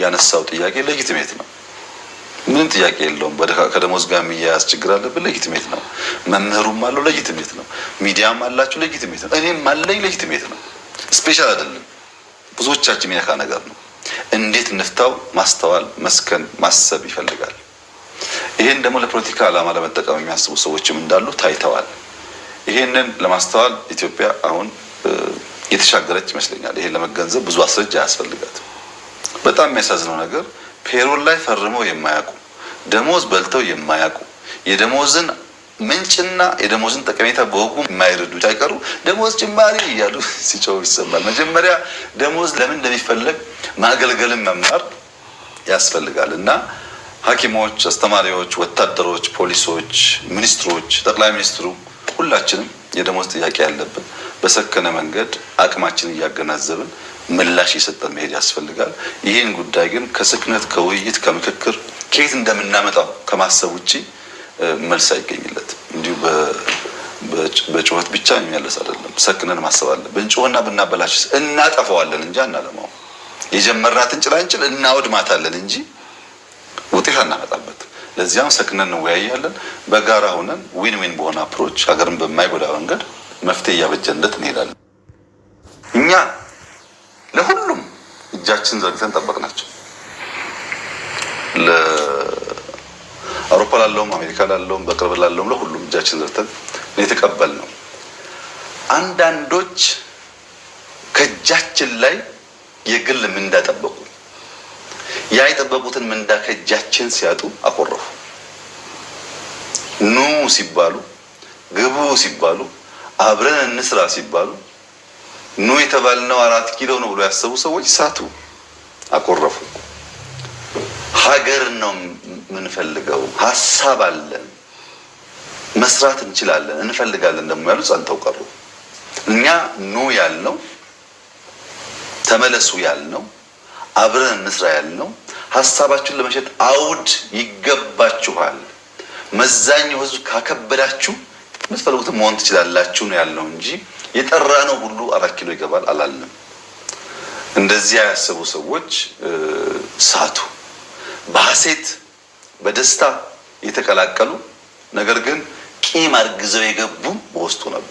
ያነሳው ጥያቄ ሌጊቲሜት ነው። ምንም ጥያቄ የለውም። ከደሞዝ ጋር የሚያያዝ ችግር አለብን፣ ሌጊቲሜት ነው። መምህሩም አለው፣ ሌጊቲሜት ነው። ሚዲያም አላችሁ፣ ሌጊቲሜት ነው። እኔም አለኝ፣ ሌጊቲሜት ነው። ስፔሻል አይደለም፣ ብዙዎቻችን የሚነካ ነገር ነው። እንዴት እንፍታው? ማስተዋል፣ መስከን፣ ማሰብ ይፈልጋል። ይሄን ደግሞ ለፖለቲካ ዓላማ ለመጠቀም የሚያስቡ ሰዎችም እንዳሉ ታይተዋል። ይሄንን ለማስተዋል ኢትዮጵያ አሁን የተሻገረች ይመስለኛል። ይሄን ለመገንዘብ ብዙ አስረጃ አያስፈልጋትም። በጣም የሚያሳዝነው ነገር ፔሮል ላይ ፈርመው የማያውቁ ደሞዝ በልተው የማያውቁ የደሞዝን ምንጭና የደሞዝን ጠቀሜታ በወጉ የማይረዱ ሳይቀሩ ደሞዝ ጭማሪ እያሉ ሲጮው ይሰማል። መጀመሪያ ደሞዝ ለምን እንደሚፈለግ ማገልገልን መማር ያስፈልጋል እና ሐኪሞች፣ አስተማሪዎች፣ ወታደሮች፣ ፖሊሶች፣ ሚኒስትሮች፣ ጠቅላይ ሚኒስትሩ ሁላችንም የደሞዝ ጥያቄ ያለብን በሰከነ መንገድ አቅማችን እያገናዘብን ምላሽ እየሰጠን መሄድ ያስፈልጋል። ይህን ጉዳይ ግን ከስክነት፣ ከውይይት፣ ከምክክር ከየት እንደምናመጣው ከማሰብ ውጭ መልስ አይገኝለት እንዲሁ በጩኸት ብቻ የሚመለስ አይደለም። ሰክነን ማሰብ አለን። ብንጮህና ብናበላሽ እናጠፈዋለን እንጂ አናለማው። የጀመርናትን ጭላንጭል እናወድማታለን እንጂ ውጤት አናመጣበት። ለዚያም ሰክነን እንወያያለን። በጋራ ሆነን ዊን ዊን በሆነ አፕሮች ሀገርን በማይጎዳ መንገድ መፍትሄ እያበጀንለት እንሄዳለን። እኛ ለሁሉም እጃችን ዘርግተን ጠበቅናቸው። ለአውሮፓ ላለውም አሜሪካ ላለውም በቅርብ ላለውም ለሁሉም እጃችን ዘርግተን የተቀበል ነው። አንዳንዶች ከእጃችን ላይ የግል ምንዳ ጠበቁ። ያ የጠበቁትን ምንዳ ከእጃችን ሲያጡ አኮረፉ። ኑ ሲባሉ ግቡ ሲባሉ አብረን እንስራ ሲባሉ ኑ የተባልነው አራት ኪሎ ነው ብሎ ያሰቡ ሰዎች ሳቱ፣ አኮረፉ። ሀገር ነው የምንፈልገው፣ ሀሳብ አለን፣ መስራት እንችላለን፣ እንፈልጋለን ደግሞ ያሉ ጸንተው ቀሩ። እኛ ኑ ያልነው ተመለሱ ያልነው አብረን እንስራ ያልነው ሀሳባችሁን ለመሸጥ አውድ ይገባችኋል፣ መዛኛው ህዝብ ካከበዳችሁ የምትፈልጉትን መሆን ትችላላችሁ ነው ያለው እንጂ የጠራ ነው ሁሉ አራት ኪሎ ይገባል አላለም። እንደዚያ ያሰቡ ሰዎች ሳቱ። በሀሴት በደስታ የተቀላቀሉ ነገር ግን ቂም አርግዘው የገቡ በውስጡ ነበር።